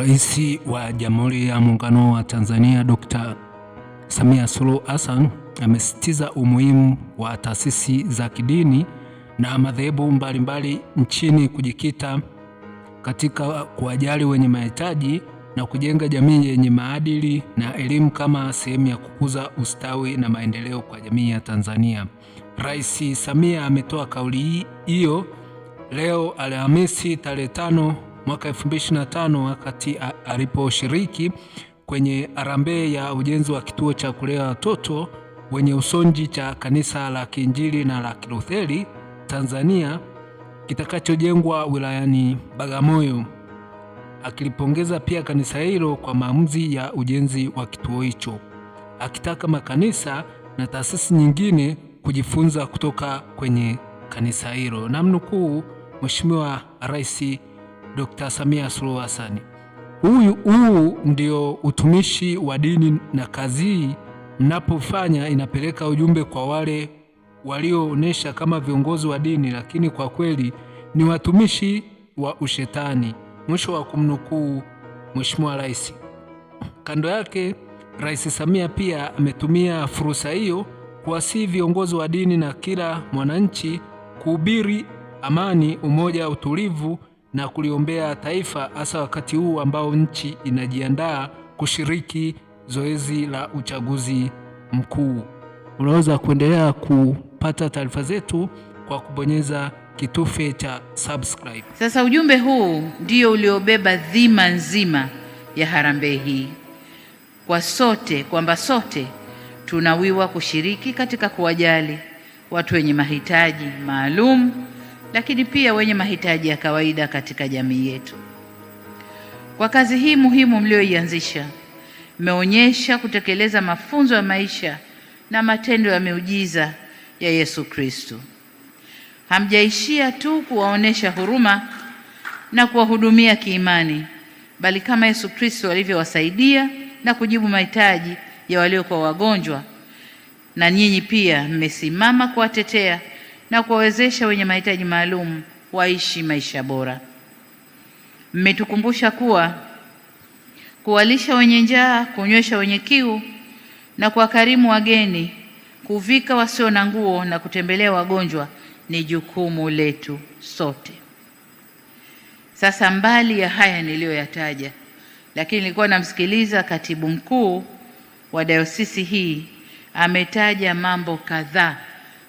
Rais wa Jamhuri ya Muungano wa Tanzania Dr. Samia Suluhu Hassan amesisitiza umuhimu wa taasisi za kidini na madhehebu mbalimbali nchini kujikita katika kuwajali wenye mahitaji na kujenga jamii yenye maadili na elimu kama sehemu ya kukuza ustawi na maendeleo kwa jamii ya Tanzania. Rais Samia ametoa kauli hiyo leo Alhamisi tarehe tano mwaka 2025 wakati aliposhiriki kwenye harambee ya ujenzi wa kituo cha kulea watoto wenye usonji cha kanisa la Kiinjili na la Kilutheri Tanzania kitakachojengwa wilayani Bagamoyo, akilipongeza pia kanisa hilo kwa maamuzi ya ujenzi wa kituo hicho, akitaka makanisa na taasisi nyingine kujifunza kutoka kwenye kanisa hilo. Namnukuu Mheshimiwa Rais Dr. Samia Suluhu Hassan. Huyu huu ndio utumishi wa dini, na kazi mnapofanya inapeleka ujumbe kwa wale walioonyesha kama viongozi wa dini, lakini kwa kweli ni watumishi wa ushetani. Mwisho wa kumnukuu Mheshimiwa Rais. Kando yake, Rais Samia pia ametumia fursa hiyo kuwasihi viongozi wa dini na kila mwananchi kuhubiri amani, umoja, utulivu na kuliombea taifa, hasa wakati huu ambao nchi inajiandaa kushiriki zoezi la uchaguzi mkuu. Unaweza kuendelea kupata taarifa zetu kwa kubonyeza kitufe cha subscribe. Sasa ujumbe huu ndio uliobeba dhima nzima ya harambee hii kwa sote, kwamba sote tunawiwa kushiriki katika kuwajali watu wenye mahitaji maalum lakini pia wenye mahitaji ya kawaida katika jamii yetu. Kwa kazi hii muhimu mlioianzisha, mmeonyesha kutekeleza mafunzo ya maisha na matendo ya miujiza ya Yesu Kristo. Hamjaishia tu kuwaonesha huruma na kuwahudumia kiimani, bali kama Yesu Kristo alivyowasaidia na kujibu mahitaji ya waliokuwa wagonjwa, na nyinyi pia mmesimama kuwatetea na kuwawezesha wenye mahitaji maalum waishi maisha bora. Mmetukumbusha kuwa kuwalisha wenye njaa, kunywesha wenye kiu na kuwakarimu wageni, kuvika wasio na nguo na kutembelea wagonjwa ni jukumu letu sote. Sasa, mbali ya haya niliyoyataja, lakini nilikuwa namsikiliza katibu mkuu wa dayosisi hii ametaja mambo kadhaa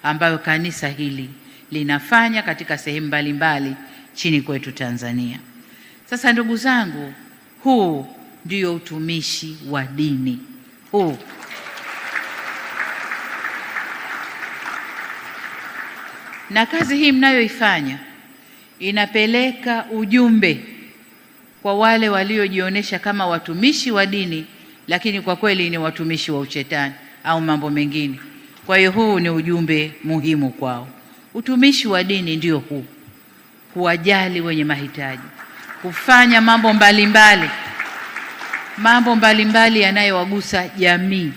ambayo kanisa hili linafanya katika sehemu mbalimbali chini kwetu Tanzania. Sasa ndugu zangu, huu ndio utumishi wa dini huu. Na kazi hii mnayoifanya inapeleka ujumbe kwa wale waliojionyesha kama watumishi wa dini, lakini kwa kweli ni watumishi wa ushetani au mambo mengine. Kwa hiyo huu ni ujumbe muhimu kwao. Utumishi wa dini ndio huu, kuwajali wenye mahitaji, kufanya mambo mbalimbali mbali, mambo mbalimbali yanayowagusa jamii,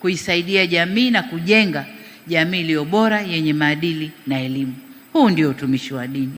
kuisaidia jamii na kujenga jamii iliyo bora yenye maadili na elimu. Huu ndio utumishi wa dini.